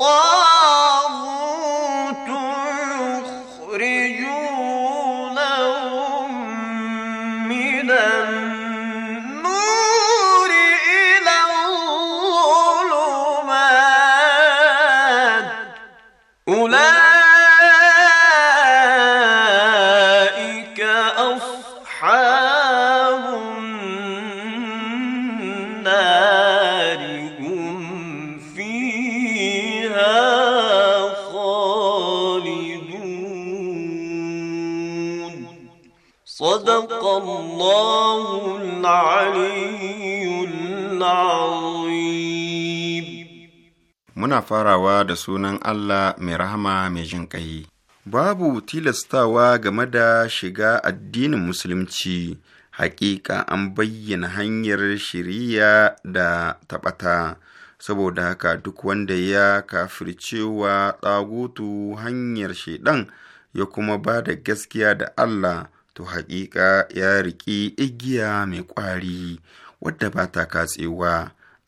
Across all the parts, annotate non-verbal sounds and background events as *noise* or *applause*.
빠 muna farawa da sunan Allah mai rahama mai jin ƙai. Babu tilastawa game da shiga addinin Musulunci, hakika an bayyana hanyar shiriya da taɓata, saboda haka duk wanda ya kafircewa tsagutu hanyar shaiɗan ya kuma ba da gaskiya da Allah, to hakika ya riƙi igiya mai ƙwari, wadda ba ta katsewa.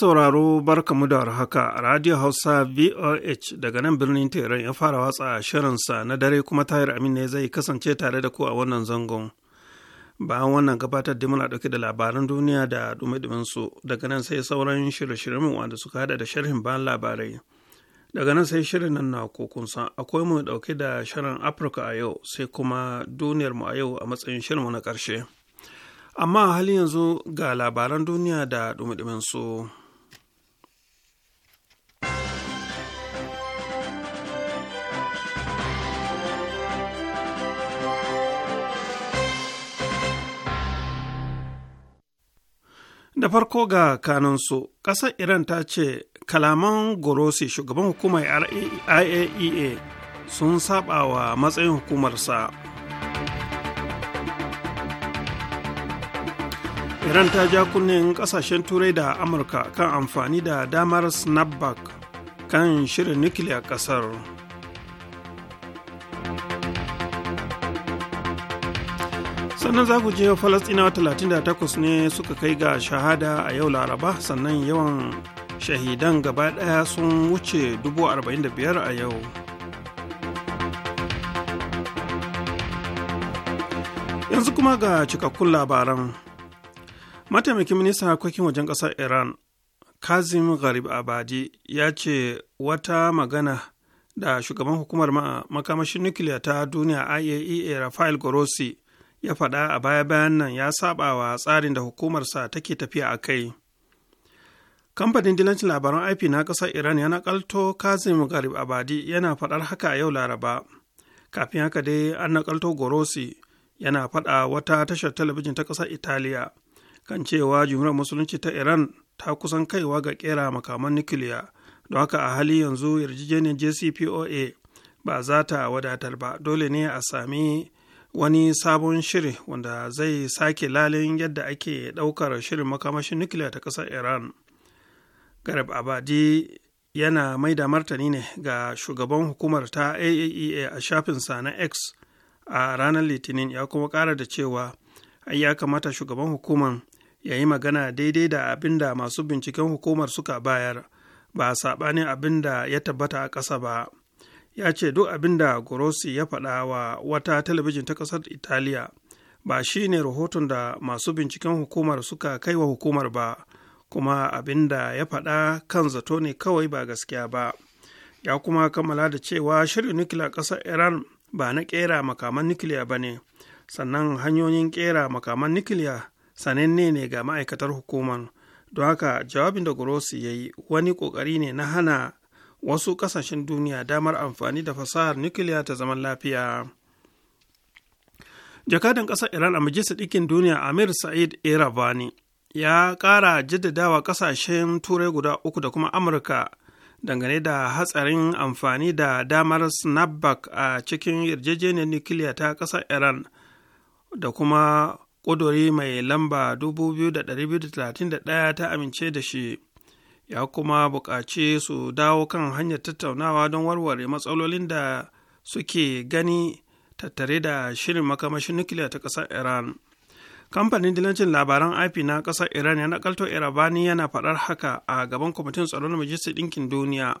sauraro barkamu da haka Radio Hausa VOH daga nan birnin Teran ya fara watsa shirinsa na dare kuma tayar Amin ne zai kasance tare da ku a wannan zangon. Bayan wannan gabatar da muna dauke da labaran duniya da dumi su daga nan sai sauran shirye-shiryen wanda suka hada da sharhin bayan labarai. Daga nan sai shirin nan na kun akwai mu ɗauke da shirin Afirka a yau sai kuma duniyar mu a yau a matsayin mu na ƙarshe. Amma halin yanzu ga labaran duniya da dumi su. Da farko ga kanunsu, ƙasar Iran ta ce kalaman Gorosi shugaban hukumar IAEA e sun saba wa matsayin hukumarsa. Iran ta ja kunnen ƙasashen Turai da Amurka kan amfani da damar snapback kan shirin nukiliya ƙasar. sannan za ku je falastinawa 38 ne suka kai ga shahada a yau laraba sannan yawan shahidan gaba ɗaya sun wuce 45,000 a yau yanzu kuma ga cikakkun labaran mataimakin ministan harkokin wajen ƙasar iran kazim garib abadi ya ce wata magana da shugaban hukumar makamashin nukiliya ta duniya iaea e, rafael grossi ya faɗa a baya-bayan nan ya saba wa tsarin da hukumarsa take tafiya a kai. Kamfanin dilancin labaran IP na ƙasar Iran ya naƙalto Kazim Garib Abadi yana faɗar haka a yau Laraba. Kafin haka dai an naƙalto Gorosi yana faɗa wata tashar talabijin ta ƙasar Italiya kan cewa jumhuriyar musulunci ta Iran ta kusan kaiwa ga ƙera makaman nukiliya. Don haka a hali yanzu yarjejeniyar JCPOA ba za ta wadatar ba dole ne a sami wani sabon shiri wanda zai sake lalin yadda ake ɗaukar shirin makamashin nukiliya ta ƙasar iran garib abadi yana mai da martani ne ga shugaban hukumar ta aaea e a shafinsa na x a ranar litinin ya kuma ƙara da cewa ai ya kamata shugaban hukumar ya yi magana daidai da abin da masu binciken hukumar suka bayar ba a saɓanin abin da ya tabbata a ƙasa ba ya ce duk abin da grossi ya faɗa wa wata talabijin ta ƙasar italiya ba shi ne rahoton da masu binciken hukumar suka kai wa hukumar ba kuma abin da ya faɗa kan zato ne kawai ba gaskiya ba ya kuma kammala da cewa shirin nukiliya ƙasar iran ba na ƙera makaman nukiliya ba ne sannan hanyoyin ƙera makaman nukiliya sananne ne ga ma'aikatar hukumar don haka jawabin da grossi ya yi wani ƙoƙari ne na hana wasu kasashen duniya damar amfani da fasahar nukiliya ta zaman lafiya jakadan ƙasar iran a majalisar ɗikin duniya amir sa'id iravani ya ƙara jaddadawa ƙasashen turai guda uku da kuma amurka dangane da hatsarin amfani da damar snapback a cikin yarjejeniyar nukiliya ta ƙasar iran da kuma ƙuduri mai lamba 2231 ta amince da shi ya kuma buƙaci su dawo kan hanyar tattaunawa don warware matsalolin da suke gani tattare da shirin makamashin nukiliya ta ƙasar iran kamfanin dilancin labaran ip na ƙasar iran ya nakalto irabani yana faɗar haka a gaban kwamitin tsaro na majalisar ɗinkin duniya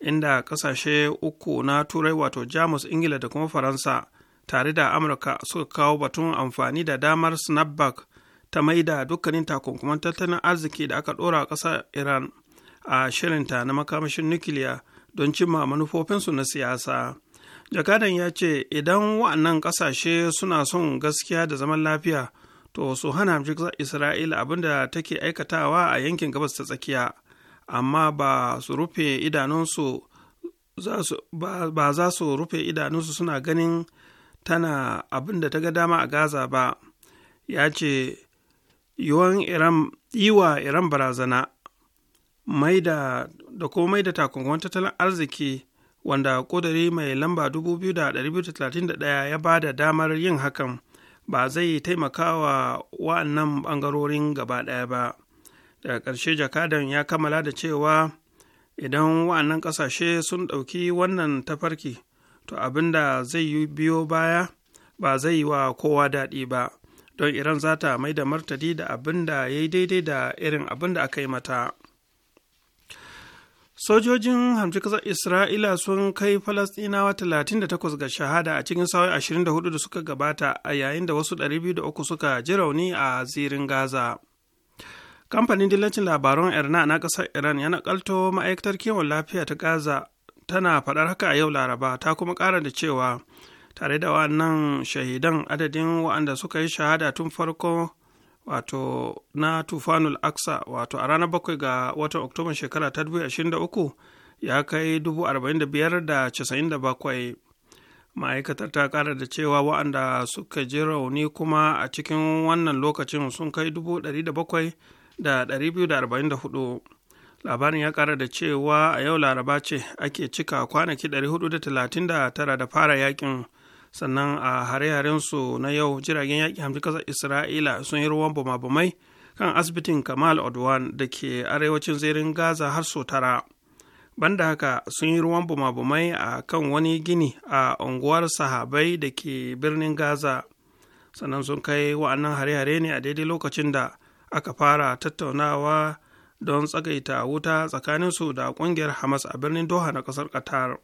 inda ƙasashe uku na turai wato jamus ingila da kuma faransa tare da amurka suka kawo batun amfani da damar snapback ta maida dukkanin takunkuman tattalin arziki da aka ɗora a ƙasar iran a shirinta na makamashin nukiliya don cimma manufofinsu na siyasa jakadan ya ce idan wa'annan kasashe suna son gaskiya da zaman lafiya to su hana isra'ila abinda take aikatawa a yankin gabas ta tsakiya amma ba za su rufe idanunsu suna ganin tana abin da ta ga dama a gaza ba ya ce yiwa iran barazana maida da kuma maida takunkuman tattalin arziki wanda kudari mai lamba 2231 ya ba da damar yin hakan ba zai taimaka wa wa'annan bangarorin gaba ɗaya ba daga ƙarshe jakadan ya kammala da cewa idan wa'annan ƙasashe sun ɗauki wannan tafarki to abin da zai yi biyo baya ba zai yi wa kowa daɗi ba don iran za ta mai da martadi da abin da ya yi daidai da irin abin da aka yi mata sojojin hamci kasar isra'ila sun kai falasɗinawa 38 ga shahada a cikin sa'o'i 24 da suka gabata a yayin da wasu 203 suka ji rauni a zirin gaza kamfanin dillacin labaran irna na kasar iran ya nakalto ma'aikatar kiwon lafiya ta gaza tana faɗar haka a yau laraba ta kuma ƙara da cewa tare da wannan shahidan adadin waɗanda suka yi shahada tun farko wato na tufanul aksa wato a ranar bakwai ga watan Oktoba shekara ta ashirin da uku ya kai dubu arba'in da da da biyar casa'in bakwai. ma'aikatar ta kara da cewa wa'anda suka ji rauni kuma a cikin wannan lokacin sun kai dubu da da da da bakwai biyu arba'in hudu. labarin ya kara da cewa a yau laraba ce ake cika kwanaki tara da fara yakin sannan a hare-harensu na yau jiragen yaƙi hamsin ƙasar isra'ila sun yi ruwan bamabamai kan asibitin kamal odwan da ke arewacin zirin gaza har sau tara banda haka sun yi ruwan bamabamai a kan wani gini a unguwar sahabai da ke birnin gaza sannan sun kai wa'annan hare-hare ne a daidai lokacin da aka fara tattaunawa don tsagaita wuta tsakaninsu da ƙungiyar hamas a birnin doha na ƙasar qatar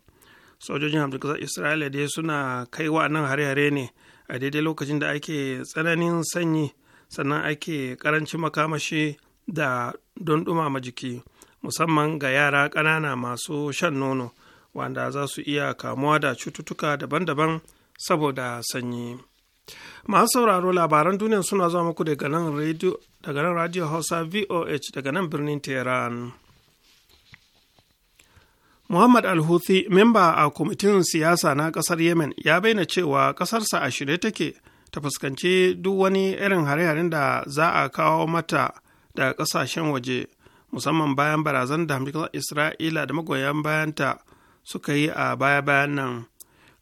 sojojin hamdukasar isra'ila dai suna kai wa nan hare-hare ne a daidai lokacin da ake tsananin sanyi sannan ake karancin makamashi da don dumama jiki musamman ga yara ƙanana masu shan nono wanda za su iya kamuwa da cututtuka daban-daban saboda sanyi masu sauraro labaran duniya suna zuwa muku daga nan radio hausa voh daga nan birnin tehran Muhammad Alhuthi, memba a kwamitin siyasa na ƙasar Yemen, ya bayyana cewa ƙasarsa a shirye take ta fuskanci duk wani irin hare-haren da za a kawo mata da ƙasashen waje, musamman bayan barazan da hamdukar Isra'ila da magoyan bayanta suka yi a baya-bayan nan.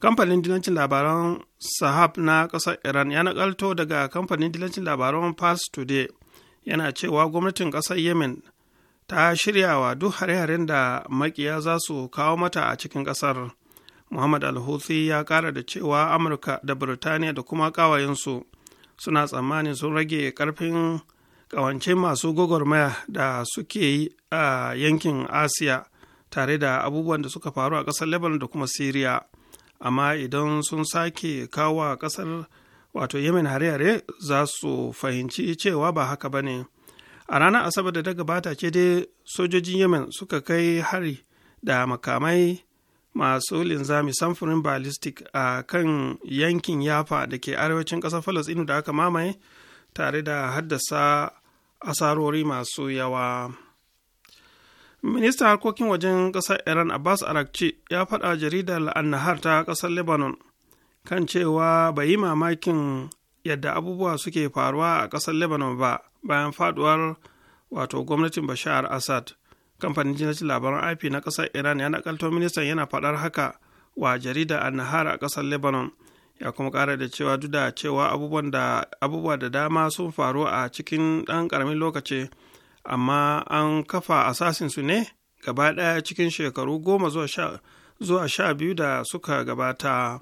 Kamfanin dilancin labaran Sahab na ƙasar Iran ya nakalto daga kamfanin dilancin labaran Fast Today yana cewa gwamnatin ƙasar Yemen ta shirya wa duk hare-haren da makiya za su kawo mata a cikin ƙasar muhammad alhuthi ya ƙara da cewa amurka da birtaniya da kuma ƙawayensu suna tsammanin sun rage ƙarfin ƙawance masu gwagwarmaya da suke yi a yankin asiya tare da abubuwan da suka faru a ƙasar lebanon da kuma syria amma idan sun sake kawo ƙasar wato yemen hare-hare za su fahimci cewa ba haka ba ne a ranar asabar da ta gabata ce dai sojojin yemen suka kai hari da makamai masu linzami samfurin ballistic a kan yankin yafa da ke arewacin ƙasar falasɗinu da aka mamaye tare da haddasa asarori masu yawa ministan harkokin wajen ƙasar iran abbas arakci ya faɗa jaridar annahar ta ƙasar lebanon kan cewa bai yi mamakin yadda abubuwa suke faruwa a ƙasar lebanon ba bayan faduwar wato gwamnatin bashar assad kamfanin jinacin labaran ip na kasar iran ya nakalto ministan yana fadar haka wa jarida a nahar a kasar lebanon ya kuma kara da cewa duk da cewa abubuwa da dama sun faru a cikin ɗan karamin lokaci amma an kafa asasinsu ne gaba ɗaya cikin shekaru goma zuwa sha biyu da suka gabata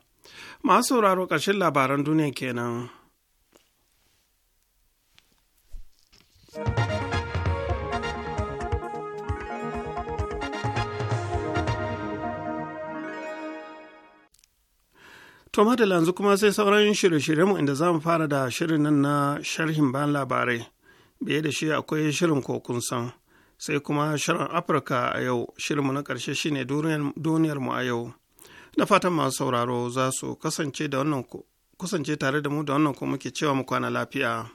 masu sauraro ƙarshen labaran duniya kenan. To da yanzu kuma sai sauran shirye-shiryenmu inda za mu fara da shirin nan na sharhin bayan labarai. Biye da shi akwai shirin kokun san. Sai kuma shirin Afirka a yau, shirinmu na ƙarshe shine duniyarmu a yau. Da fatan masu sauraro za su kasance tare da mu da wannan ko muke cewa mu kwana lafiya.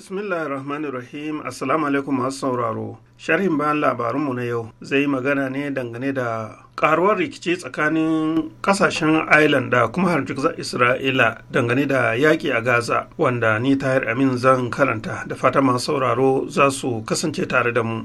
Bismillahir rahman Rahim. Assalamu alaikum masu sauraro. Sharhin bayan labarunmu na yau zai yi magana ne dangane da karuwar rikici tsakanin kasashen Ireland da kuma harjikzar Isra'ila dangane da yaƙi a Gaza wanda ni Tahir Amin zan karanta da fata masu sauraro za su kasance tare da mu.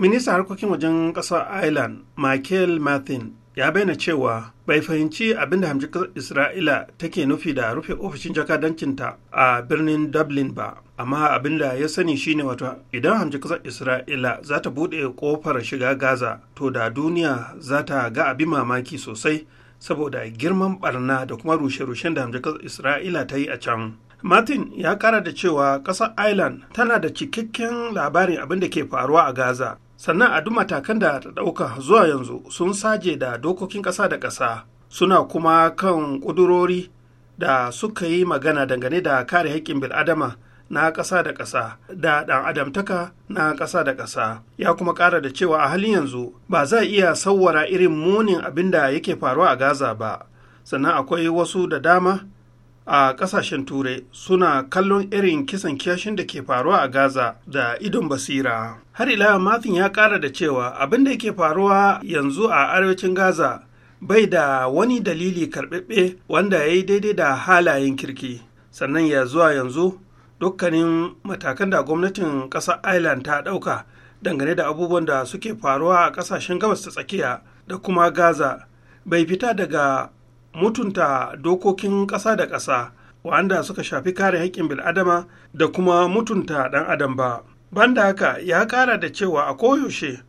Minista harkokin wajen ƙasar Ireland, Michael Martin, ya bayyana cewa bai fahimci abin da Kasar isra'ila take nufi da rufe ofishin jakadancinta a birnin dublin ba amma abin da ya sani shine wato idan Kasar isra'ila za ta buɗe ƙofar shiga gaza to da duniya za ta ga abin mamaki sosai saboda girman barna da kuma rushe-rushen da hamjikar isra'ila ta yi a can martin ya kara da cewa ƙasar ireland tana da cikakken labarin abin da ke faruwa a gaza sannan a duk matakan da ta ɗauka zuwa yanzu sun saje da dokokin ƙasa da ƙasa suna kuma kan ƙudurori da suka yi magana dangane da kare haƙƙin bil'adama na ƙasa da ƙasa da ɗan adamtaka na ƙasa da ƙasa ya kuma ƙara da cewa a halin yanzu ba za a iya sauwara irin munin abin da yake faruwa a gaza ba sannan akwai wasu da dama a ƙasashen turai suna kallon irin kisan kiyashin da ke faruwa a gaza da idon basira har ila mathin ya ƙara da cewa abin da yake faruwa yanzu a arewacin gaza bai da wani dalili karɓaɓɓe wanda ya yi daidai da halayen kirki sannan ya zuwa yanzu dukkanin matakan da gwamnatin ƙasar ireland ta ɗauka dangane da abubuwan da suke faruwa a ƙasashen gabas ta tsakiya da kuma gaza bai fita daga mutunta dokokin ƙasa da ƙasa wanda suka shafi kare haƙƙin bil'adama da kuma mutunta ɗan adam ba banda haka ya ƙara da cewa a koyaushe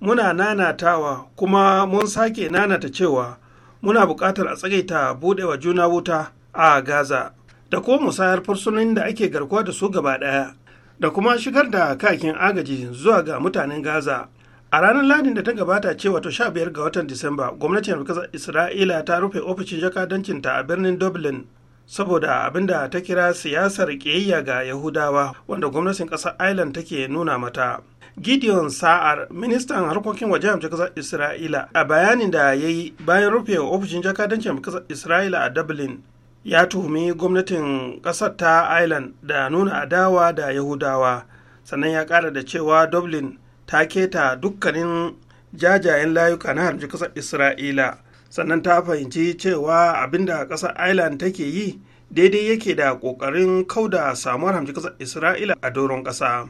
muna nanatawa kuma mun sake nanata cewa muna buƙatar a tsagaita buɗewa juna wuta a gaza da ko musayar fursunonin da ake garkuwa da su gaba ɗaya da kuma shigar da kakin agaji zuwa ga mutanen gaza a ranar ladin da ta gabata ce wato 15 ga watan disamba gwamnatin kasar isra'ila ta rufe ofishin jakadancinta a birnin dublin saboda abin da ta kira siyasar ƙiyayya ga yahudawa wanda gwamnatin ƙasar ireland take nuna mata gideon sa'ar ministan harkokin waje hamshe ƙasar isra'ila a bayanin da ya yi bayan rufe ofishin jakadancin ƙasar isra'ila a dublin ya tuhumi gwamnatin ƙasar ta ireland da nuna adawa da yahudawa sannan ya ƙara da cewa dublin ta keta dukkanin jajayen layuka na harbi kasar isra'ila sannan ta fahimci cewa abinda ƙasar ireland take yi daidai yake da kokarin kauda samuwar hamji kasar isra'ila a doron ƙasa.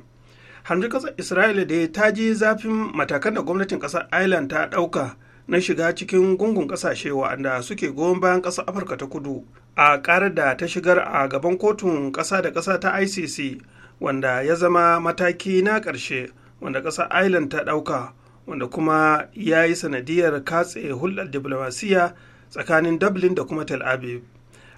hamji kasar isra'ila da ta ji zafin matakan da gwamnatin ƙasar ireland ta ɗauka na shiga cikin gungun ƙasashe wa'anda suke goyon bayan kasar afirka ta kudu a ƙarar da ta shigar a gaban kotun ƙasa da ƙasa ta icc wanda ya zama mataki na ƙarshe wanda ƙasar ireland ta ɗauka wanda kuma ya yi sanadiyar katse hulɗar diplomasiya tsakanin dublin da kuma tel aviv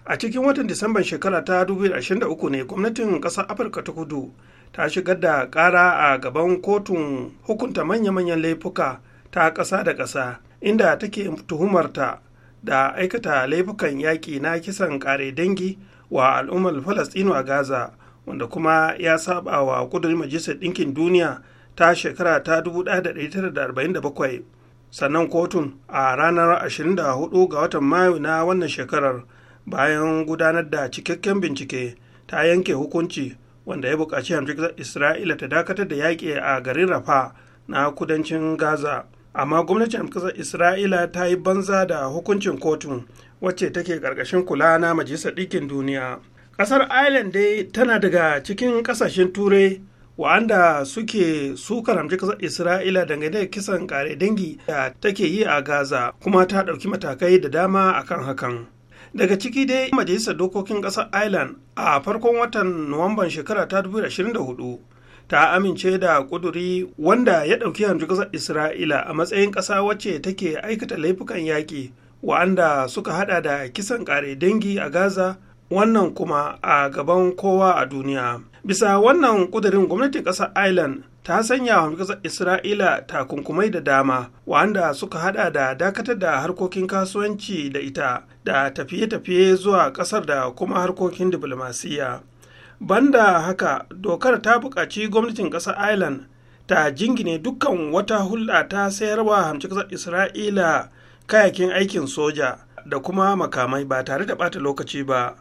a cikin watan disamban shekara ta 2023 ne gwamnatin ƙasar afirka ta kudu ta shigar da ƙara a gaban kotun hukunta manya-manyan laifuka ta ƙasa da ƙasa inda take tuhumarta da aikata laifukan yaƙi na kisan ƙare dangi wa al'ummar falastinu a gaza wanda kuma ya saba wa ƙudurin majalisar ɗinkin duniya ta shekara ta 1947 sannan kotun a ranar 24 ga watan mayu na wannan shekarar bayan gudanar da cikakken bincike ta yanke hukunci wanda ya buƙaci hamshin isra'ila ta dakatar da yaƙi a garin rafa na kudancin gaza amma gwamnatin ƙasar isra'ila ta yi banza da hukuncin kotun wacce take ƙarƙashin kula na majalisar ɗikin duniya ƙasar ireland dai tana daga cikin ƙasashen turai wa'anda suke sukar hamshe kasar isra'ila dangane da kisan kare dangi da take yi a gaza kuma ta ɗauki matakai da dama akan hakan daga ciki dai majalisar dokokin ƙasar ireland a farkon watan nuwamban shekara ta 2024 ta amince da kuduri wanda ya ɗauki hamshe kasar isra'ila a matsayin ƙasa wacce take aikata laifukan yaƙi wa'anda suka hada da kisan kare dangi a gaza wannan kuma a gaban kowa a duniya bisa wannan kudirin gwamnatin ƙasar ireland ta sanya wa ƙasar isra'ila takunkumai da dama wanda suka hada da dakatar da harkokin kasuwanci da ita da tafiye-tafiye zuwa ƙasar da kuma harkokin diflomasiyya banda haka dokar ta buƙaci gwamnatin ƙasar ireland ta jingine dukkan wata hulɗa ta sayarwa hamci ƙasar isra'ila kayakin aikin soja da kuma makamai ba tare da ɓata lokaci ba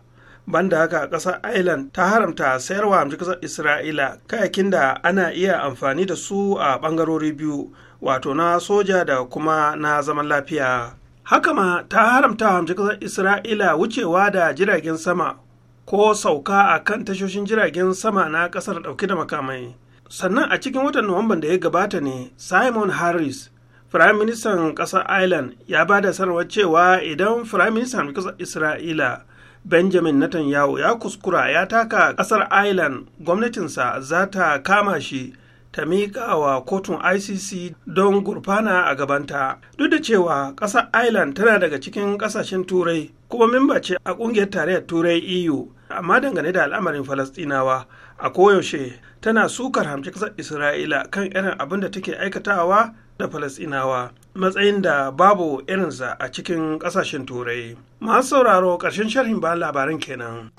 banda haka ƙasar ireland ta haramta sayarwa a ƙasar isra'ila kayakin da ana iya amfani da su a ɓangarori biyu wato na soja da kuma na zaman lafiya haka ma ta haramta hamshi ƙasar isra'ila wucewa da jiragen sama ko sauka a kan tashoshin jiragen sama na ƙasar ɗauke da makamai sannan a cikin watan nuwamban da ya gabata ne simon harris firayim ministan ƙasar ireland ya ba da sanarwar cewa idan firayim ministan ƙasar isra'ila benjamin netanyahu ya kuskura ya taka ƙasar ireland gwamnatinsa za ta kama shi ta miƙa wa kotun icc don gurfana a gabanta duk da cewa ƙasar ireland tana daga cikin ƙasashen turai kuma mimba ce a ƙungiyar tarayyar turai eu amma dangane da al'amarin falastinawa a koyaushe tana sukar hamci ƙasar isra'ila kan irin abin da take aikatawa da falasinawa matsayin da babu irinsa a cikin ƙasashen turai masu sauraro ƙarshen sharhin ba labarin kenan.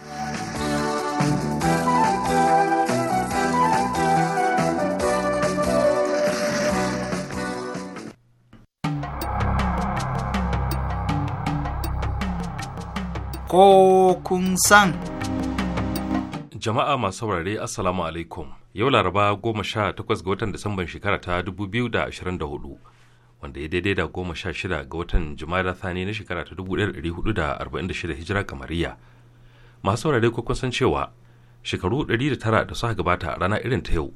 ko kun san. Jama'a masu saurare Assalamu alaikum. yau laraba goma sha takwas ga watan disamban shekara ta dubu biyu da ashirin da hudu wanda ya daidai da goma sha shida ga watan jumada thani na shekara ta dubu ɗari hudu da arba'in da shida hijira kamariya masu saurare ko kun san cewa shekaru ɗari da tara da suka gabata a rana irin ta yau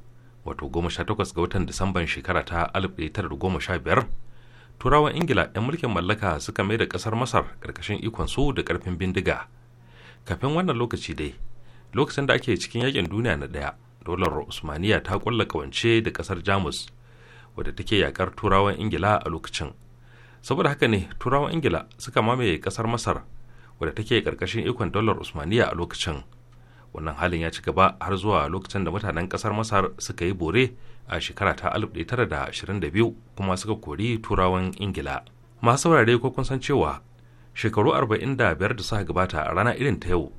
wato goma sha takwas ga watan disamban shekara ta alif ɗaya tara da goma sha biyar turawan ingila 'yan mulkin mallaka suka mai da ƙasar masar ƙarƙashin ikon su da ƙarfin bindiga kafin wannan lokaci dai lokacin da ake cikin yakin duniya na ɗaya dolar usmaniya ta kulla kawance da kasar jamus wadda take yakar turawan ingila a lokacin saboda haka ne turawan ingila suka mamaye kasar masar wadda take karkashin ikon dolar usmaniya a lokacin wannan halin ya ci gaba har zuwa lokacin da mutanen kasar masar suka yi bore a shekara ta 1922 kuma suka kori turawan ingila masu saurare ko kun san cewa shekaru 45 da suka gabata a rana irin ta yau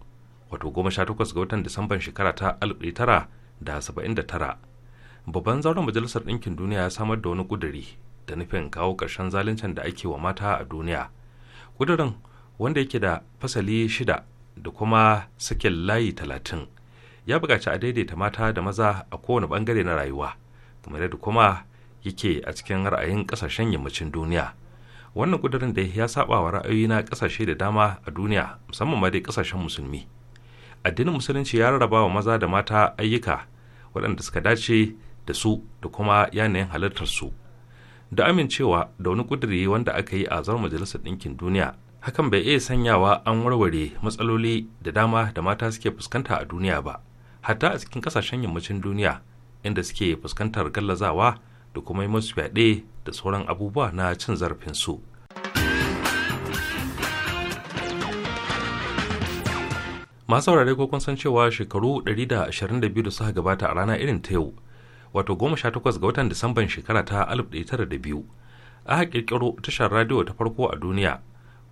wato 18 ga watan disamban shekara ta tara. da 79 babban zauren majalisar ɗinkin duniya ya samar da wani ƙuduri da nufin kawo ƙarshen zaluncin da ake wa mata a duniya ƙudurin wanda yake da fasali shida da kuma sakin layi talatin ya buƙaci a daidaita mata da maza a kowane ɓangare na rayuwa kamar yadda kuma yake a cikin ra'ayin ƙasashen yammacin duniya wannan ƙudurin da ya saba wa ra'ayoyi na ƙasashe da dama a duniya musamman ma dai ƙasashen musulmi addinin musulunci ya rarraba wa maza da mata ayyuka waɗanda suka dace da su da kuma yanayin halittarsu da amincewa da wani ƙudiri wanda aka yi a zar majalisar ɗinkin duniya hakan bai iya sanyawa an warware matsaloli da dama da mata suke fuskanta a duniya ba hatta a cikin ƙasashen yammacin duniya inda suke fuskantar gallazawa da kuma yi masu fyaɗe da sauran abubuwa na cin zarafinsu masu saurare ko kun san cewa shekaru 122 da suka gabata a rana irin ta yau wato 18 ga watan disamban shekara ta 1902 aka kirkiro tashar radiyo ta farko a duniya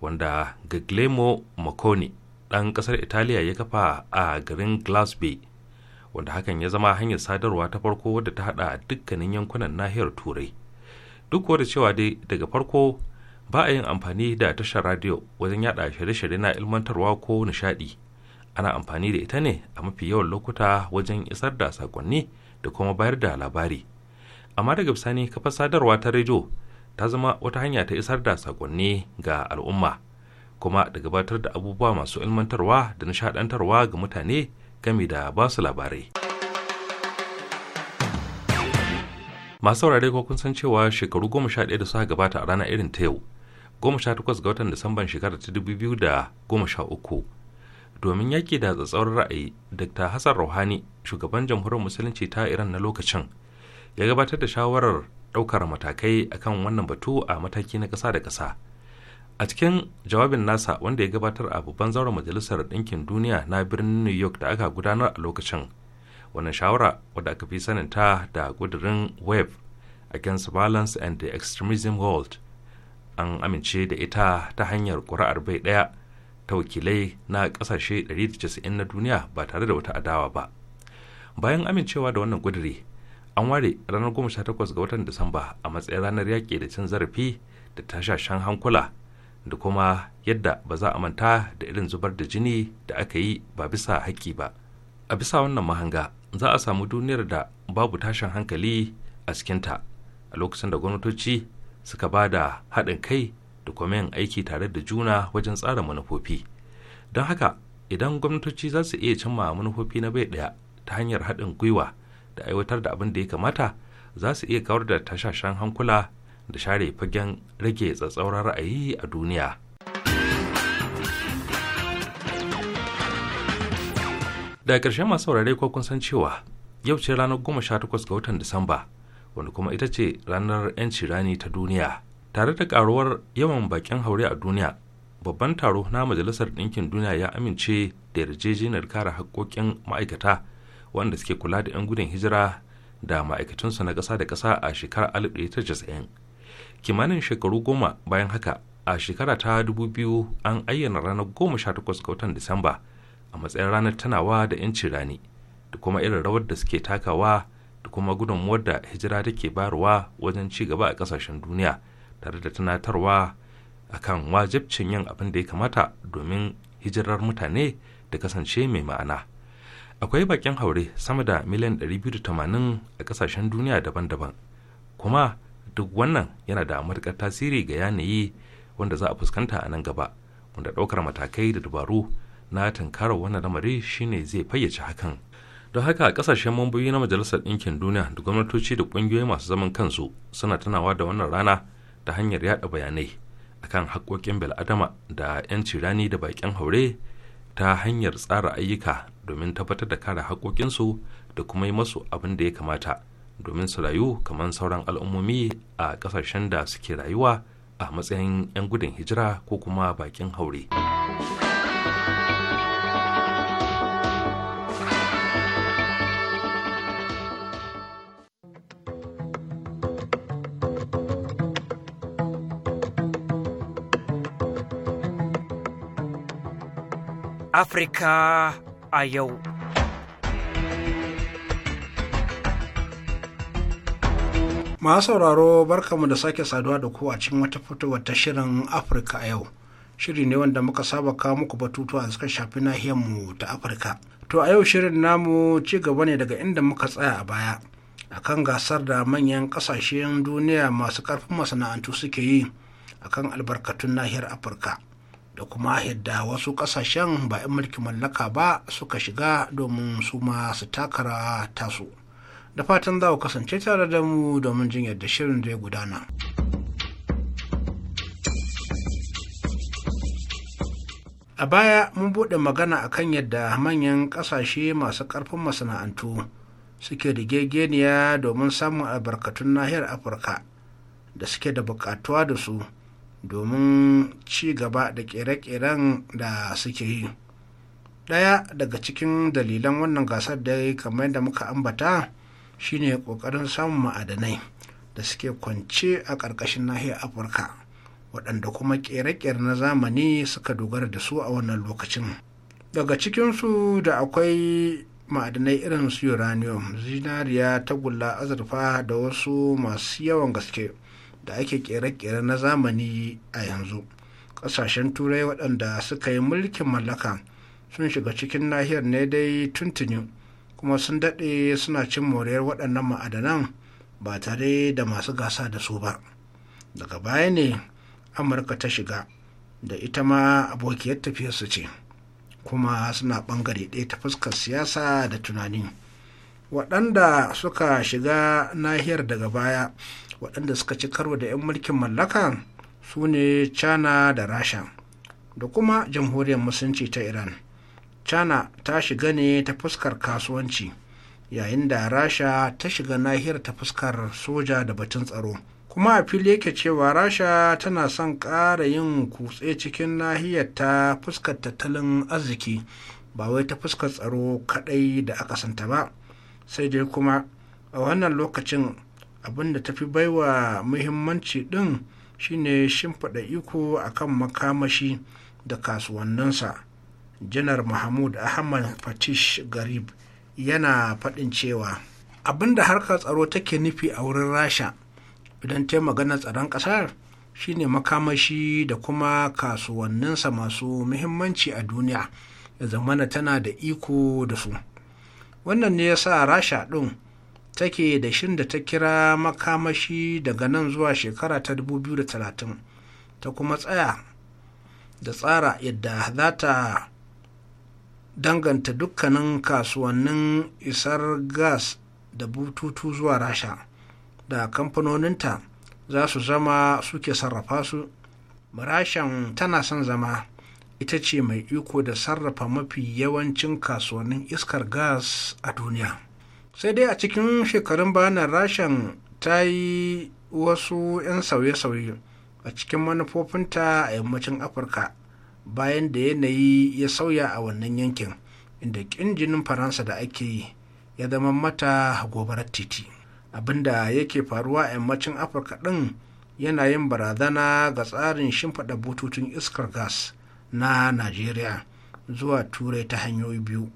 wanda Guglielmo Marconi dan ƙasar Italiya ya kafa a garin Glasby wanda hakan ya zama hanyar sadarwa ta farko wadda ta hada dukkanin yankunan nahiyar turai duk da cewa dai daga farko ba a yin amfani da tashar radiyo wajen yada shirye-shirye na ilmantarwa ko nishadi ana amfani da ita ne a mafi yawan lokuta wajen isar da sakonni da kuma bayar da labari amma daga bisani kafar sadarwa ta rediyo ta zama wata hanya ta isar da sakonni ga al'umma kuma da gabatar da abubuwa masu ilmantarwa da nishadantarwa ga mutane game da basu labarai masu saurare ko kun san cewa shekaru goma sha ɗaya da suka gabata a rana irin ta yau goma sha takwas ga watan disamban shekarar ta dubu biyu da goma sha uku domin yaƙi da tsatsauran ra'ayi dr hassan rouhani shugaban jamhuriyar musulunci ta iran na lokacin ya gabatar da shawarar ɗaukar matakai akan wannan batu a mataki na ƙasa da ƙasa a cikin jawabin nasa wanda ya gabatar a babban zauren majalisar ɗinkin duniya na birnin new york da aka gudanar a lokacin wannan shawara wadda aka fi sanin ta da gudurin web against violence and the extremism world an amince da ita ta hanyar ƙuri'ar bai ɗaya ta wakilai na kasashe 190 na duniya ba tare da wata adawa ba bayan amincewa da wannan kuduri an ware ranar 18 ga watan disamba a matsayin ranar yaƙi da cin zarafi da tashashen hankula da kuma yadda ba za a manta da irin zubar da jini da aka yi ba bisa haƙƙi ba a bisa wannan mahanga za a samu duniyar da babu tashin hankali a cikinta a lokacin da gwamnatoci suka ba da haɗin kai da kuma aiki tare da juna wajen tsara manufofi don haka idan gwamnatoci za su iya cimma manufofi na bai ɗaya ta hanyar haɗin gwiwa da aiwatar da abin da ya kamata za su iya kawar da tashashen hankula da share fagen rage tsatsauran ra'ayi a duniya daga ƙarshen masu saurare ko kun san cewa yau ce ranar 18 ga watan disamba wanda kuma ita ce ranar 'yanci rani ta duniya tare da karuwar yawan bakin haure a duniya babban taro na majalisar ɗinkin duniya ya amince da yarjejeniyar kare haƙƙoƙin ma'aikata wanda suke kula da 'yan gudun hijira da ma'aikatansu na ƙasa da ƙasa a shekarar 1990 kimanin shekaru goma bayan haka a shekara ta 2000 an ayyana ranar 18 ga watan disamba a matsayin ranar tanawa da 'yancin rani da kuma irin rawar da suke takawa da kuma gudunmuwar da hijira take bayarwa wajen ci gaba a ƙasashen duniya tare da tunatarwa akan wajibcin yin abin da ya kamata domin hijirar mutane da kasance mai ma'ana akwai bakin haure sama da miliyan 280 a kasashen duniya daban-daban kuma duk wannan yana da matuƙar tasiri ga yanayi wanda za a fuskanta a nan gaba wanda ɗaukar matakai da dabaru na tunkarar wannan lamari shine zai fayyace hakan don haka a kasashen mambobi na majalisar ɗinkin duniya da gwamnatoci da ƙungiyoyi masu zaman kansu suna tunawa da wannan rana ta hanyar yada bayanai akan haƙoƙin bil'adama da 'yanci rani da baƙin haure ta hanyar tsara ayyuka domin tabbatar da kare haƙoƙinsu da kuma yi masu abin da ya kamata domin su rayu kamar sauran al'ummomi a ƙasashen da suke rayuwa a matsayin 'yan gudun hijira ko kuma baƙin haure. Afirka a yau. Masu sauraro barkamu da sake saduwa da ku a cikin wata fitowar ta shirin Afirka a yau. Shiri ne wanda muka saba kawo muku batutuwa a suka shafi nahiyarmu ta Afirka. To a yau shirin namu ci gaba ne daga inda muka tsaya a baya. a kan gasar da manyan ƙasashen duniya masu karfin masana'antu suke yi a kan albarkatun nahiyar Afirka. da kuma yadda wasu kasashen ba 'yan mulkin mallaka ba suka shiga domin su ma su takara tasu da fatan za ku kasance tare da mu domin jin yadda shirin zai gudana a baya mun buɗe magana a kan yadda manyan ƙasashe masu ƙarfin masana'antu suke da gegeniya domin samun albarkatun nahiyar afirka da suke da buƙatuwa da su domin ci gaba da kere-keren da suke yi ɗaya daga cikin dalilan wannan gasar da ya kamar yadda muka ambata shine ƙoƙarin samun ma'adanai da suke kwance a ƙarƙashin nahiyar afirka waɗanda kuma ƙere-ƙere na zamani suka dogara da su a wannan lokacin daga cikinsu da akwai ma'adanai irin su uranium zinariya tagulla azurfa da wasu masu yawan gaske da ake kere-kere na zamani a yanzu ƙasashen turai waɗanda suka yi mulkin mallaka sun shiga cikin nahiyar ne dai tuntuni kuma sun daɗe suna cin moriyar waɗannan ma'adanan ba tare da masu gasa da su ba daga baya ne amurka ta shiga da ita ma abokiyar tafiyarsu ce kuma suna ɓangare ɗaya ta fuskar siyasa da tunani waɗanda suka shiga nahiyar daga baya waɗanda suka ci karo da 'yan mulkin mallaka su ne china da rasha da kuma jamhuriyar musulunci ta iran china ta shiga ne ta fuskar kasuwanci yayin da rasha ta shiga nahiyar ta fuskar soja da batun tsaro kuma a fili yake cewa rasha tana son ƙara yin kutse cikin nahiyar ta fuskar tattalin arziki ba wai ta fuskar tsaro kaɗai da aka santa ba sai dai kuma a wannan lokacin abin da tafi baiwa muhimmanci ɗin shine shimfiɗa iko akan makamashi da kasuwanninsa janar mahmud ahmad fatish garib yana faɗin cewa abin da harkar tsaro take nufi a wurin rasha idan ta magana tsaron ƙasar shine makamashi da kuma kasuwanninsa masu muhimmanci a duniya ya zamana tana da iko da su wannan ne ya sa rasha ɗin take da shin da ta kira makamashi daga nan zuwa shekara ta 2030 ta kuma tsaya da tsara yadda za ta danganta dukkanin kasuwannin isar gas da bututu zuwa rasha da kamfanoninta za su zama suke sarrafa su rashan tana son zama ita ce mai iko da sarrafa mafi yawancin kasuwannin iskar gas a duniya sai dai a cikin shekarun bayanan rashin ta yi wasu 'yan sauye-sauye a cikin manufofinta a yammacin afirka bayan da yanayi ya sauya a wannan yankin inda kin faransa da ake yi ya zama mata gobarar titi abinda yake faruwa a yammacin afirka ɗin yana yin barazana ga tsarin shimfiɗa bututun iskar gas na najeriya zuwa turai ta hanyoyi biyu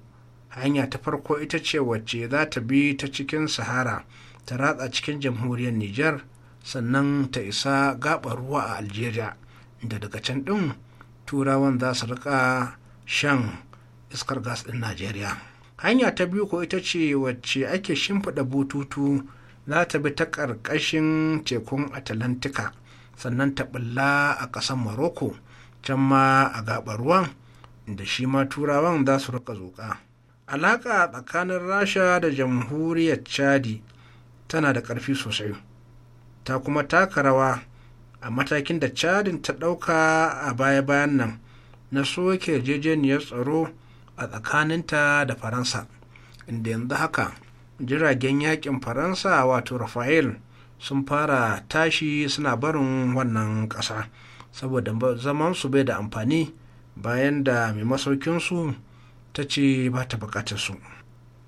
hanya ta farko ita ce wacce za ta bi ta cikin sahara ta ratsa cikin jamhuriyar niger sannan ta isa gaɓar ruwa a algeria da daga can ɗin turawan za su rika shan iskar gas ɗin najeriya hanya ta biyu ko ita ce wacce ake shimfiɗa bututu za ta bi ta ƙarƙashin tekun atalantika sannan ta ɓulla a ƙasar morocco can ma a gaɓar ruwan da shi ma turawan za su rika zuƙa. alaƙa tsakanin rasha da jamhuriyar chadi tana da ƙarfi sosai ta kuma taka rawa a matakin da chadin ta ɗauka a baya-bayan nan na soke yarjejeniyar tsaro a tsakaninta da faransa inda yanzu haka jiragen yakin faransa wato rafael sun fara tashi suna barin wannan ƙasa saboda zaman su bai da amfani bayan da mai masaukinsu ta ce ba ta bukatar su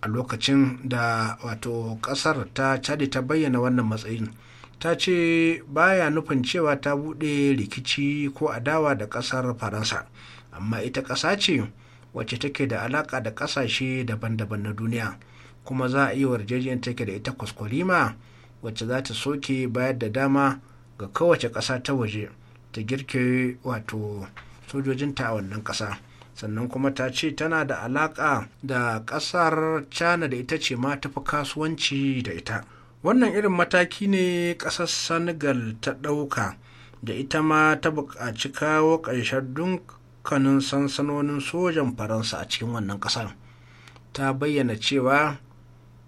a lokacin da wato kasar ta cadi ta bayyana wannan matsayin ta ce baya nufin cewa ta bude rikici ko adawa da ƙasar faransa amma ita ƙasa ce wacce take da alaƙa da ƙasashe daban-daban na duniya kuma za a yi warjejiyar take da ita kwaskwarima wacce za ta soke bayar da dama ga kowace ƙasa ta waje ta girke wato sojojinta a wannan ƙasa. sannan kuma ta ce tana da alaƙa da ƙasar china da ita ce ma tafi kasuwanci da ita wannan irin mataki ne ƙasar senegal ta ɗauka da ita ma ta buƙaci kawo ƙarshen dukkanin sansanonin sojan faransa a cikin wannan ƙasar ta bayyana cewa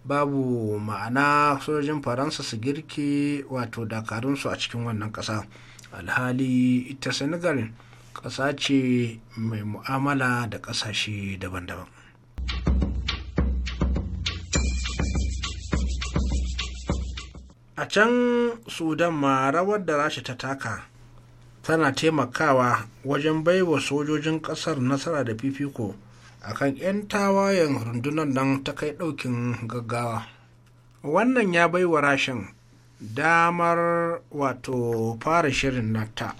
babu ma'ana sojin faransa su girke wato dakarunsu a cikin wannan ƙasa alhali ita senegal ƙasa ce mai mu'amala da ƙasashe daban-daban a can sudan ma rawar da rasha ta taka tana taimakawa wajen baiwa sojojin ƙasar nasara da fifiko akan 'yan tawayen rundunar nan ta kai ɗaukin gaggawa wannan ya baiwa rashin damar wato fara shirin nata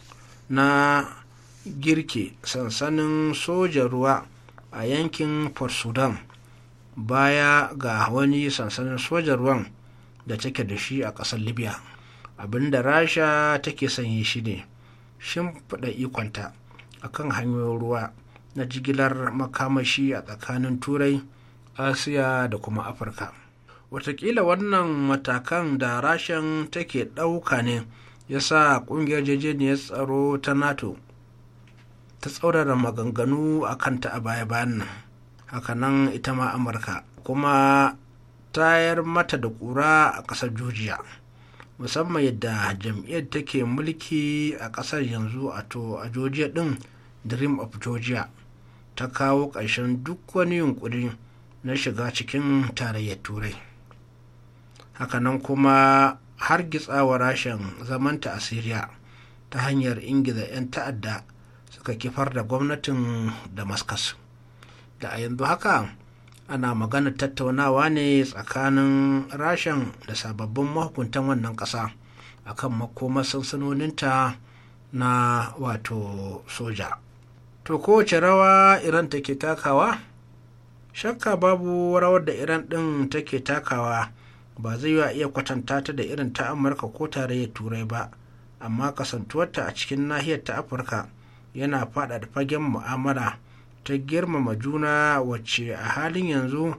na girke sansanin soja ruwa a yankin port sudan baya ga wani sansanin soja ruwan da take da shi a ƙasar libya abinda rasha take sanye shi ne shimfiɗa ikonta a kan hanyoyin ruwa na jigilar makamashi a tsakanin turai asiya da kuma afirka watakila wannan matakan da rashin take ɗauka ne ya sa ƙungiyar jejeniyar tsaro ta nato ta tsaurara maganganu a kanta a baya-bayan nan hakanan ita ma amurka kuma tayar mata da kura a ƙasar georgia musamman yadda jam'iyyar take mulki a ƙasar yanzu a to a georgia ɗin dream of georgia ta kawo ƙarshen duk wani yunkuri na shiga cikin tarayyar turai hakanan kuma har gitsawa rashin zamanta a syria ta hanyar ingiza 'yan ta'adda suka kifar da gwamnatin damascus da a yanzu haka ana magana tattaunawa ne tsakanin rashen da sababbin mahukuntan wannan ƙasa akan makoma sansanoninta na wato soja to kowace rawa iran take takawa shakka babu rawar da iran ɗin take takawa ba zai wa iya kwatanta ta da irin ta amurka ko tarayyar turai ba amma kasantuwarta a cikin nahiyar ta afirka yana faɗaɗa fagen mu'amala ta girmama juna wacce a halin yanzu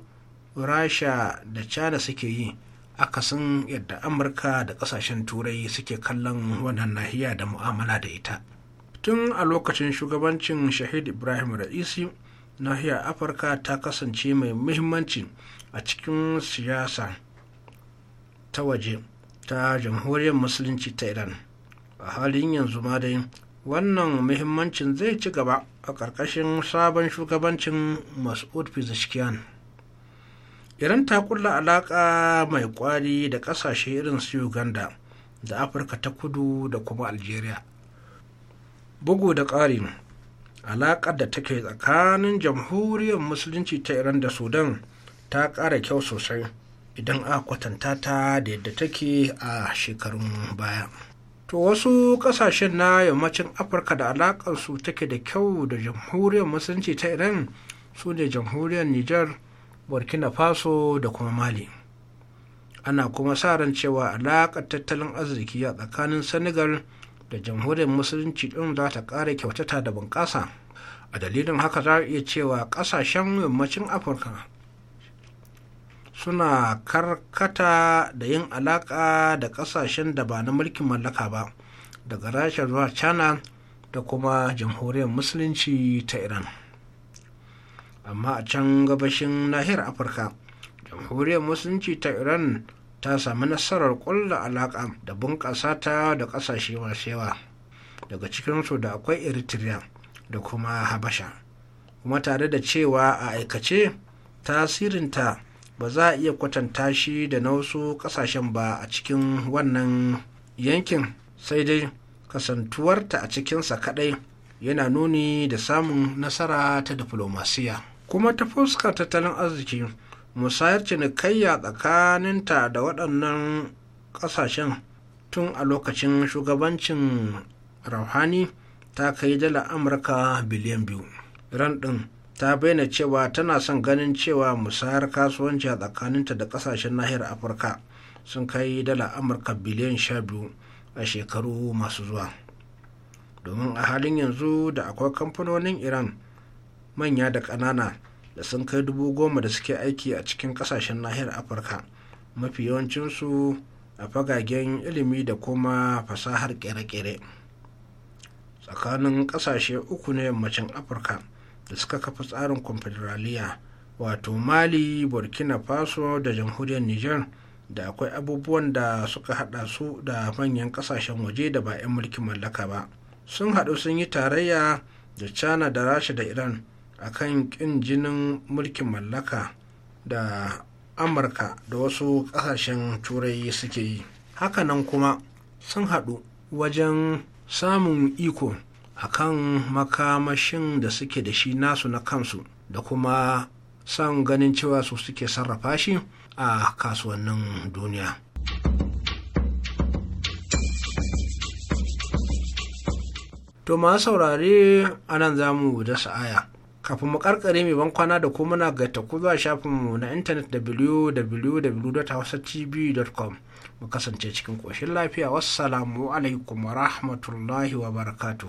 rasha da china suke yi akasin yadda amurka da ƙasashen turai suke kallon wannan nahiya da mu'amala da ita tun a lokacin shugabancin shahid ibrahim ra'isi nahiya afirka ta kasance mai muhimmanci a cikin siyasa ta waje ta jamhuriyar musulunci ta iran a halin yanzu ma dai wannan muhimmancin zai ci gaba a ƙarƙashin sabon shugabancin mas'ud pezeshkian iran ta kulla alaƙa mai ƙwari da ƙasashe irin su uganda da afirka ta kudu da kuma algeria bugu da ƙari alaƙar da take tsakanin jamhuriyar musulunci ta iran da sudan ta ƙara kyau sosai idan a kwatanta ta da yadda take a shekarun baya. to wasu kasashen na yammacin afirka da alakansu take da kyau da jamhuriyar musulunci ta iran su ne jamhuriyar Nijar, burkina faso da kuma mali ana kuma sa ran cewa alaƙar tattalin arziki a tsakanin senegal da jamhuriyar musulunci ɗin za ta ƙara kyautata da bunƙasa a dalilin haka za a iya cewa ƙasashen yammacin afirka suna karkata da yin alaƙa da ƙasashen da ba na mulkin mallaka ba daga rasha zuwa china da kuma jamhuriyar musulunci ta iran amma a can gabashin nahiyar afirka jamhuriyar musulunci ta iran ta sami nasarar ƙwalla alaƙa da bunƙasa ta da ƙasashe masu yawa daga cikinsu da akwai eritrea da kuma habasha kuma tare da cewa a aikace tasirinta ba za a iya kwatanta shi da na wasu ƙasashen ba a cikin wannan yankin sai dai kasantuwarta a cikinsa kaɗai yana nuni da samun nasara ta diflomasiya kuma ta fuskar tattalin arziki musayar cinikayya tsakaninta da waɗannan ƙasashen tun a lokacin shugabancin rauhani ta kai dala amurka biliyan biyu ran ɗin ta bayyana cewa tana son ganin cewa musayar kasuwanci a tsakaninta da kasashen nahiyar afirka sun kai dala amurka biliyan sha biyu a shekaru masu zuwa domin a halin yanzu da akwai kamfanonin iran manya da ƙanana da sun kai dubu goma da suke aiki a cikin kasashen nahiyar afirka mafi yawancinsu a fagagen ilimi da kuma fasahar kere-kere tsakanin kasashe uku ne yammacin afirka da suka kafa tsarin confederaliya wato mali burkina faso da jamhuriyar niger da akwai abubuwan da suka hada su da manyan kasashen waje da ba 'yan mulkin mallaka ba sun haɗu sun yi tarayya da china da rasha da iran a kan kin jinin mulkin mallaka da amurka da wasu kasashen turai suke yi hakanan kuma sun haɗu wajen samun iko akan makamashin da suke da shi nasu na kansu da kuma son ganin cewa su suke sarrafa shi a kasuwannin duniya to ma saurare anan za mu da sa'aya kafin mu karkare mai ban kwana da kuma na gaita ku zuwa mu na intanet www.hausatv.com mu kasance cikin koshin lafiya wassalamu alaikum wa rahmatullahi wa barakatu.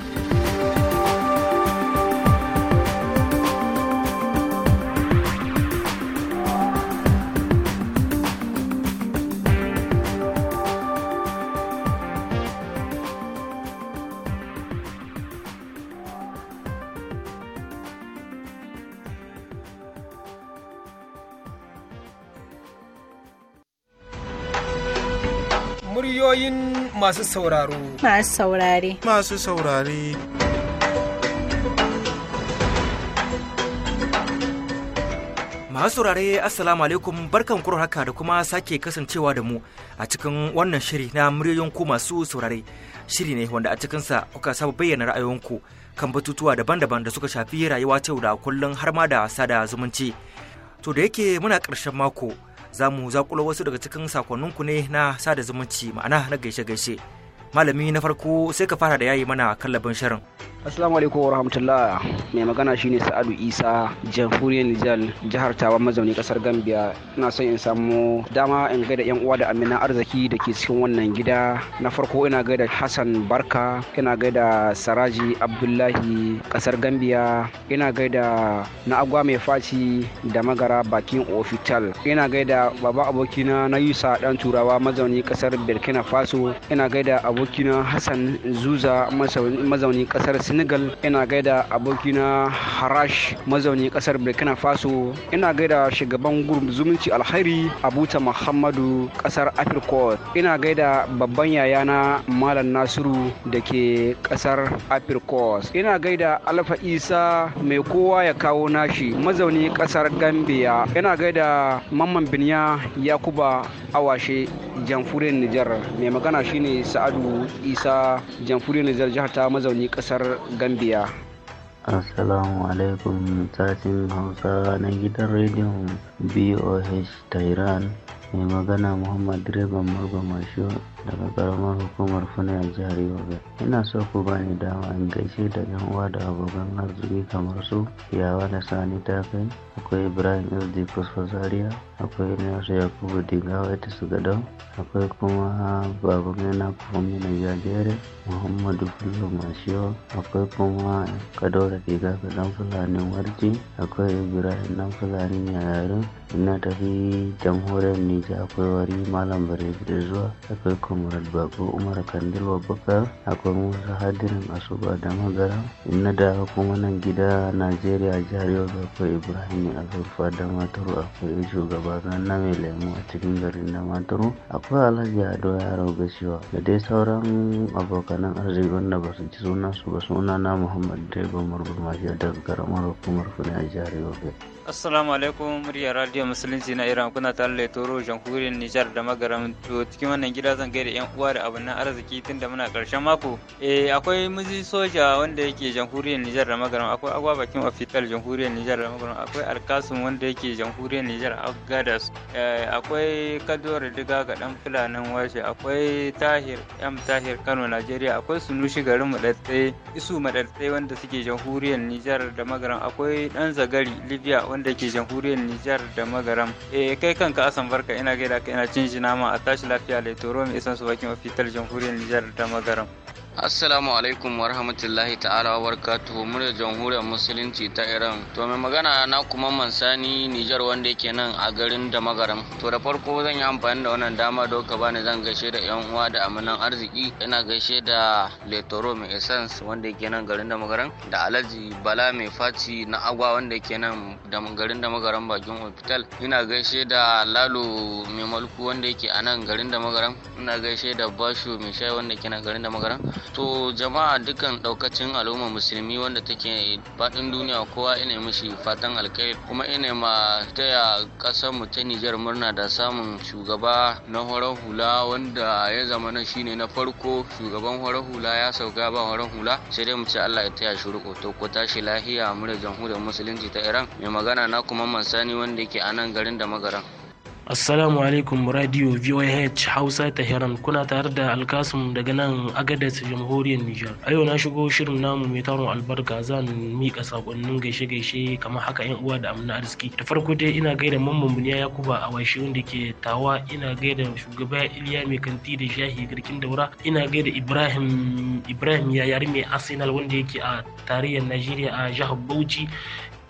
masu sauraro. Masu saurare. Masu saurare. Masu saurare Assalamu alaikum barkan kuro haka da kuma sake kasancewa da mu a cikin wannan shiri na muryoyin ku masu saurare. Shiri ne wanda a cikinsa kuka saba bayyana ra'ayoyinku kan batutuwa daban-daban da suka shafi rayuwa ta da kullum har ma da sada zumunci. To da yake muna ƙarshen mako za mu zakulo wasu daga cikin sakonninku ne na sada zumunci ma'ana na gaishe-gaishe malami na farko sai ka fara da yayi mana kallabin shirin Assalamu alaikum warahmatullah mai magana shine Sa'adu Isa jamhuriyar Nijar jihar Tawa mazauni kasar Gambia ina son in samu dama in gaida yan uwa da amina arziki da ke cikin wannan gida na farko ina gaida Hassan Barka ina gaida Saraji Abdullahi kasar Gambia ina gaida na agwa mai faci da magara bakin ofital ina gaida baba abokina na Yusa dan turawa mazauni kasar Burkina Faso ina gaida abu abokina hassan zuza mazaunin kasar senegal ina gaida abokina harash mazaunin kasar burkina faso ina gaida shugaban gurum zumunci alhairi abuta muhammadu kasar afirkot ina gaida babban yayana malam nasiru da ke kasar afirkot ina gaida alfa isa mai kowa ya kawo nashi mazaunin kasar gambia ina gaida mamman Biniya yakuba awashe jamfurin nijar mai magana shine sa'adu Isa jamhuriyar Nijar jihar ta mazauni kasar Gambia. Assalamu alaikum sashen Hausa na gidan rediyon BOH Tehran mai magana Muhammad Direban Marba daga karamar hukumar fune a jihar Yobe. Ina so ku bani dama in gaishe da yan uwa da abokan arziki kamar su Yawa da Sani kai. akwai Ibrahim SD Zaria, akwai Nasu Yakubu Digawa ta Sugadau, akwai kuma Babu Mena na Jajere, Muhammadu Fullo Mashiyo, akwai kuma Kadora Diga Fulani Warji, akwai Ibrahim Dan Fulani yaren na tafi jamhuriyar Nijar akwai wari Malam Bare da zuwa akwai Comrade Bako Umar Kandil Babakar akwai Musa Hadirin Asuba da Magara na da kuma nan gida Najeriya jihar Yobe akwai Ibrahim azurfa da Maturu akwai shugaba na mai lemu a cikin garin da Maturu akwai Alhaji Ado Yaro Gashiwa da dai sauran abokanan arziki wanda ba su ji suna su ba suna na Muhammad Direba Murgur Mashi daga karamar hukumar Fulani a jihar Yobe. Assalamu alaikum muryar Radio Musulunci na Iran kuna tare da Toro Jamhuriyar Nijar da Magaram to cikin wannan gida zan gaida yan uwa da na arziki tunda muna karshen mako. Eh akwai muzi soja wanda yake Jamhuriyar Nijar da Magaram akwai agwa bakin ofital Jamhuriyar Nijar da Magaram akwai Alkasum wanda yake Jamhuriyar Nijar Agadas eh, akwai Kadore Diga ga dan Fulanin Washe akwai Tahir M Tahir Kano Najeriya akwai Sunushi garin Madatsai Isu Madatsai wanda suke Jamhuriyar Nijar da Magaram akwai Dan Zagari Libya wanda ke jamhuriyar Nijar da Magaram. Eh kai kanka asan barka ina gaida ka ina cin jinama a tashi lafiya laitoro mai isan su bakin ofitar jamhuriyar Nijar da Magaram. Assalamu alaikum wa rahmatullahi ta'ala wa barakatuhu murya jamhuriyar musulunci ta Iran. To mai magana na kuma Mansani Nijar wanda yake nan a garin da magaram. To da farko zan yi amfani da wannan dama da ka bani zan gaishe da yan uwa da amanan arziki. Ina gaishe da Letoro mai Essence wanda yake nan garin da magaram da Alhaji Bala mai Faci na Agwa wanda yake nan da garin da magaram bakin hospital. Ina gaishe da Lalo mai mulku wanda yake a nan garin da magaram. Ina gaishe da Bashu mai Shayi wanda yake nan garin da magaram. to jama'a dukkan daukacin al'umma musulmi wanda take faɗin duniya kowa ina mishi fatan alkhairi kuma ina ma taya ƙasar mu ta Nijar murna da samun shugaba na horon hula wanda ya zama na shine na farko shugaban horon hula ya sauka ba horon hula sai dai mu ce Allah ya taya shuruko to ko tashi lahiya mu da jamhuriyar musulunci ta Iran mai magana na kuma Mansani wanda yake a nan garin da magaran Assalamu alaikum radio VOH Hausa ta Tehran kuna tare da Alkasum daga nan Agadez Jamhuriyar Nijar. A yau na shigo shirin namu mai taron albarka zan miƙa sakonnin gaishe-gaishe kamar haka yan uwa da amna arziki. Da farko dai ina gaida mamman Buniya Yakuba a washe wanda ke tawa ina gaida shugaba Iliya mai kanti da shahi garkin daura ina gaida Ibrahim Ibrahim yayari mai Arsenal wanda yake a tarayyar Najeriya a jihar Bauchi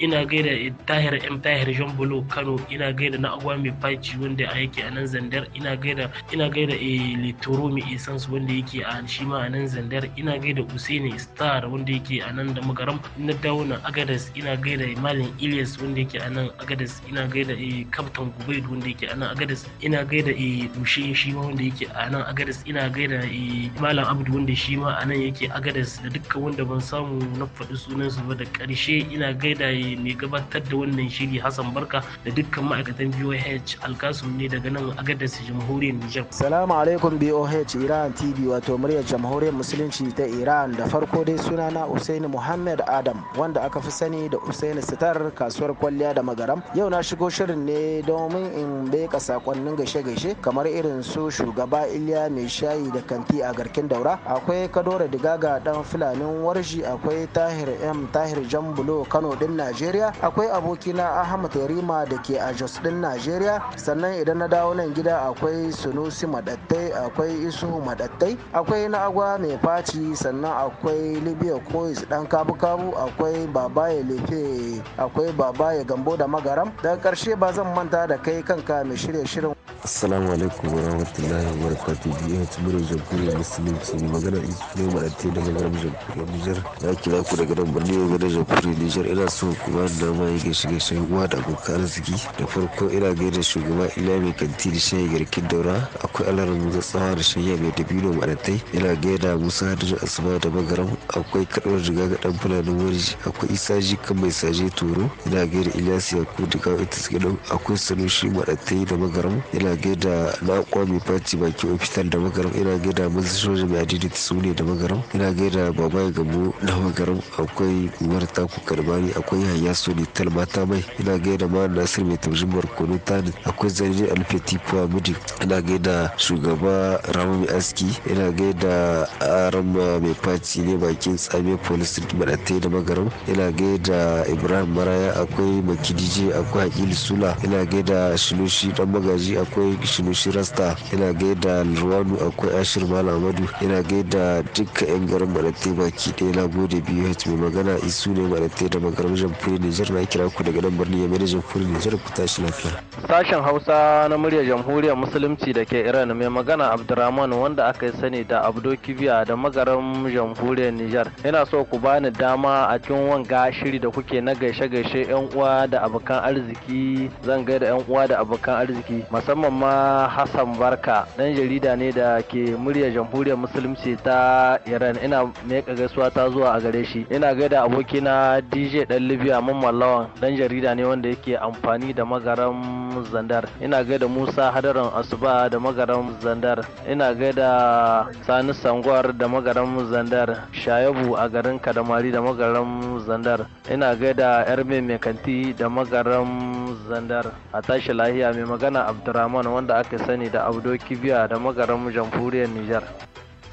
ina gaida tahir m tahir jean bolo kano ina gaida na agwa mai faci wanda a yake a nan zandar ina gaida ina gaida e litoro mai isansu wanda yake a shi ma a nan zandar ina gaida usaini star wanda yake a nan da magaram na dauna agadas ina gaida malam ilias wanda yake a nan agadas ina gaida e eh, kaftan gubaid wanda yake a nan agadas ina gaida e eh, ushe shi ma wanda yake a nan agadas ina gaida e malam abdu wanda shi ma a nan yake agadas da dukkan wanda ban samu na faɗi sunansu ba da ƙarshe ina gaida e mai gabatar da wannan shiri Hassan Barka da dukkan ma'aikatan BOH Alkasum ne daga nan Agadez Jamhuriyar Nijar. Salamu alaikum BOH Iran TV wato muryar Jamhuriyar Musulunci ta Iran da farko dai sunana Usaini Muhammad Adam wanda aka fi sani da Usaini Sitar kasuwar kwalliya da magaram. Yau na shigo shirin ne domin in beka sakonnin gaishe-gaishe kamar irin su shugaba Iliya mai shayi da kanti a garkin daura akwai Kadora Digaga dan Fulanin Warshi akwai Tahir M Tahir Jambulo Kano din Najeriya najeriya akwai abokina ahmad rima da ke a jos din najeriya sannan idan na dawo nan gida akwai sunusi madattai akwai isu madattai akwai agwa mai faci sannan akwai libya koyis dan kabu-kabu akwai babaye lefe akwai babaye gambo da magaram daga karshe ba zan manta da kai kanka mai shirya shirin assalamu alaikum wa rahmatullahi wa barakatuh biyu ta murar jamhuriyar musulunci magana isu ne madattai da magaram jamhuriyar nijar ya kira ku daga nan birni ga da jamhuriyar nijar ina so ku shugaban da ma yake shiga shan uwa da abokan arziki da farko ina gaida shugaba ila mai kanti da shayi garkin daura akwai alarar musa tsawa da shanya mai dabino maɗatai ina gaida musa da asuba da magaram akwai kaɗuwar riga ga ɗan fulani wani akwai isa kan mai saje toro ina gaida ilyas yakubu da kawo ita tsikidau akwai sanushi maɗatai da magaram ina gaida na mai faci baki ofital da magaram ina gaida masu soja mai adidi ta sune da magaram ina gaida babaye gabo da magaram akwai umar taku karbani akwai ya soli talma ta mai ina gaida ma nasir mai taushin barkono tani akwai zargin alfeti puwa midi ina da shugaba rama mai aski ina gaida arama mai faci ne bakin tsamiya police street madatai da magaram ina da ibrahim maraya akwai makidiji akwai hakili sula ina gaida shinushi dan magaji akwai shinushi rasta ina da lurwanu akwai ashir malamadu ina gaida dukkan yan garin madatai baki ɗaya na gode biyu mai magana isu ne madatai da magaram kuri Nijar na kira ku daga nan birnin kuri Nijar ku tashi lafiya. Sashen Hausa na muryar jamhuriyar Musulunci da ke Iran mai magana Abdurrahman wanda aka yi sani da Abdo Kibiya da magaran jamhuriyar Nijar. Yana so ku bani dama a cikin wanga shiri da kuke na gaishe-gaishe 'yan uwa da abokan arziki zan gaida 'yan uwa da abokan arziki musamman ma Hassan Barka dan jarida ne da ke muryar jamhuriyar Musulunci ta Iran ina mai gaisuwa ta zuwa a gare shi ina gaida abokina DJ Dan Libya Najeriya Mamman mallawa dan jarida ne wanda yake amfani da magaran Zandar. Ina gaida Musa Hadaran Asuba da magaran Zandar. Ina gaida Sani Sangwar da magaran Zandar. Shayabu a garin Kadamari da magaran Zandar. Ina gaida Erme Mekanti da magaran Zandar. A tashi lahiya mai magana Abdurrahman wanda aka sani da Abdo Kibiya da magaran Jamhuriyar Nijar.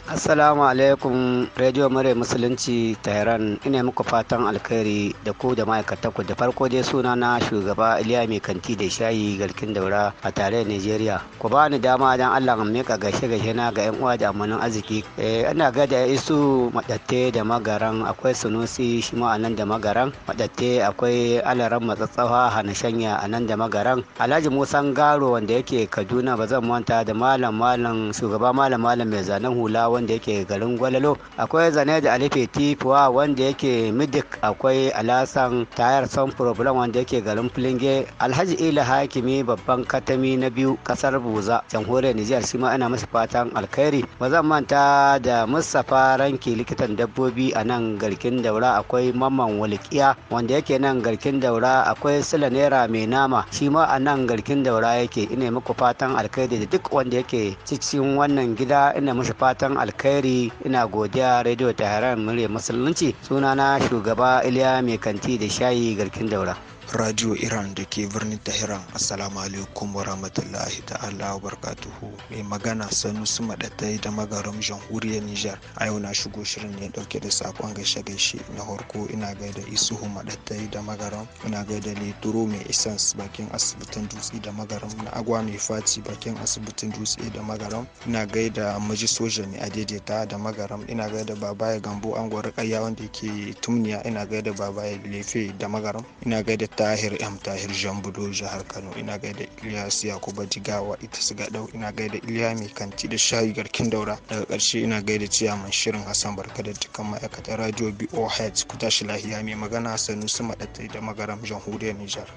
Assalamu alaikum Radio Mare Musulunci Tehran ina muku fatan alkhairi da ku da ma'aikata ku da farko dai suna na shugaba Iliya mai kanti da shayi garkin daura a tarayyar Nigeria. Ku ba ni dama dan Allah in mika gashe gashe na ga yan uwa da amanin arziki. Eh ina ga da isu madatte da magaran akwai sunusi shi ma anan da magaran madatte akwai alaran matsatsawa hana shanya anan da magaran. Alhaji Musa Garo wanda yake Kaduna ba zan manta da malam malam shugaba malam malam mai zanen hula wanda yake garin gwalalo akwai Zane da alife tifuwa wanda yake midik akwai alasan tayar son problem wanda yake garin filinge alhaji ila hakimi babban katami na biyu kasar buza jamhuriyar nijar shi ma ana masa fatan alkhairi ba zan manta da mustapha ranki likitan dabbobi a nan garkin daura akwai mamman walƙiya wanda yake nan garkin daura akwai sila naira mai nama shi ma a nan garkin daura yake ina muku fatan alkhairi da duk wanda yake cikin wannan gida ina masa fatan alkhairi alkhairi ina godiya radio taharar murya musulunci sunana shugaba iliya mai kanti da shayi garkin daura radio iran da ke birnin tehran assalamu alaikum wa rahmatullahi ta'ala wa barakatuhu mai magana sanusi maɗatai da magaram jamhuriyar nijar a yau na shigo shirin ne ɗauke da sakon gaishe gaishe na harko ina gaida isuhu maɗatai da magaram ina gaida leturo mai isans bakin asibitin dutse da magaram na agwa mai faci bakin asibitin dutse da magaram ina gaida maji soja mai adaidaita da magaram ina gaida babaye gambo an gwari kayya wanda ke tumniya ina gaida babaye lefe da magaram ina gaida Tahir M Tahir Jambudo jihar Kano ina gaida Ilyas Yakuba Jigawa ita su gaɗau ina gaida Iliya mai kanti da shayi garkin daura daga karshe ina gaida man shirin Hassan Barka da dukkan ma'aikatan radio BO Heads ku tashi lahiya mai magana Sanusi Maɗatai da magaram jamhuriyar Nijar.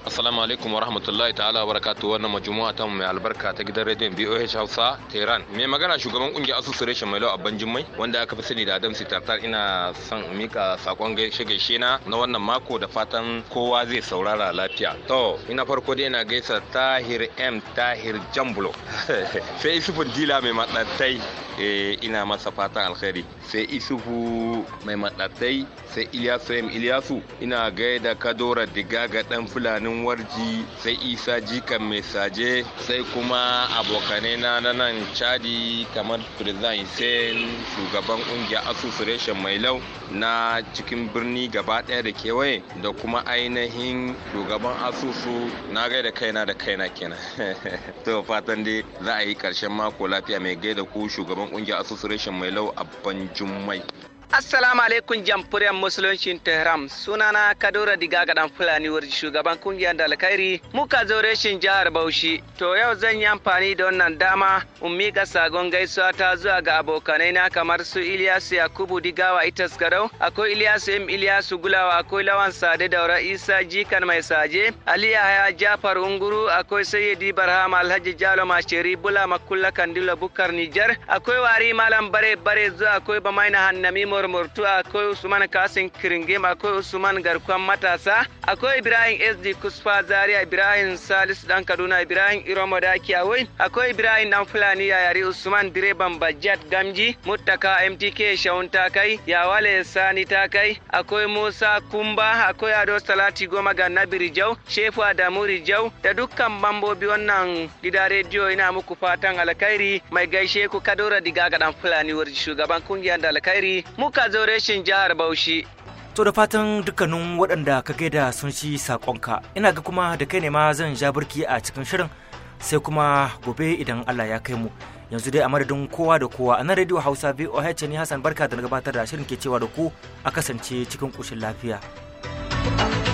Assalamu alaikum rahmatullahi ta'ala wa barakatu wannan majumu'a ta mai albarka ta gidan rediyon BOH Hausa Tehran. Mai magana shugaban kungiyar Association Mailo Abban Jummai wanda aka fi sani da Adam Sitartar ina son mika sakon gaishe gaishe na na wannan mako da fatan kowa zai saurara lafiya. To, ina farko dai ina gaisa Tahir M Tahir Jambulo. *laughs* sai Isufu Dila mai matsatai eh, ina masa fatan alkhairi. Sai Isufu mai matsatai sai Iliyasu M Ilyasu ina gaida Kadora Digaga dan Fulani birnin warji sai isa jikan mai saje sai kuma abokanai na nan chadi kamar prezan hussein shugaban kungiyar asusu mai lau na cikin birni gaba ɗaya da kewaye da kuma ainihin shugaban asusu na gaida kaina da kaina kenan *laughs* to fatan dai za a yi ƙarshen mako lafiya mai gaida ku shugaban kungiyar asusu mai lau a abban jummai Assalamu alaikum jamfuriyar musuluncin Tehran sunana Kadura Diga ga dan Fulani warji shugaban kungiyar da alkhairi muka zo reshin jihar Bauchi to yau zan yi amfani da wannan dama in miƙa sagon gaisuwa ta zuwa ga abokanai na kamar su Ilyasu Yakubu Digawa Itas Garau akwai Ilyas M Ilyasu Gulawa akwai Lawan Sade Daura Isa Jikan Mai Saje Ali Yahaya Jafar Unguru akwai Sayyidi Barhama Alhaji Jalo Masheri Bula Makulla Kandila Bukar Nijar akwai Wari Malam Bare Bare zuwa akwai Bamaina Hannami Umar Murtu akwai Usman Kasim Kiringim akwai Usman Garkwan Matasa akwai Ibrahim SD Kusfa Zaria Ibrahim Salisu Dan Kaduna Ibrahim Iromo Daki akwai Ibrahim Dan Fulani Yayari Usman Direban Bajat Gamji Muttaka MTK Shaun Takai Yawale Sani Takai akwai Musa Kumba akwai Ado Salati Goma ga Nabi Rijau Shefu Adamu Rijau da dukkan mambobi wannan gida rediyo ina muku fatan alkhairi mai gaishe ku Kadora Diga ga Dan Fulani Warji shugaban kungiyar da alkhairi mu zo Zoreshin jihar Bauchi. To da fatan dukkanin waɗanda ka gaida sun shi saƙonka, ina ga kuma da kai ne ma zan ja birki a cikin shirin sai kuma gobe idan Allah ya kai mu. Yanzu dai a madadin kowa da kowa a nan Radio Hausa VOH ne Hassan Barka da na gabatar da shirin ke cewa da ku a kasance cikin ƙoshin lafiya. thank you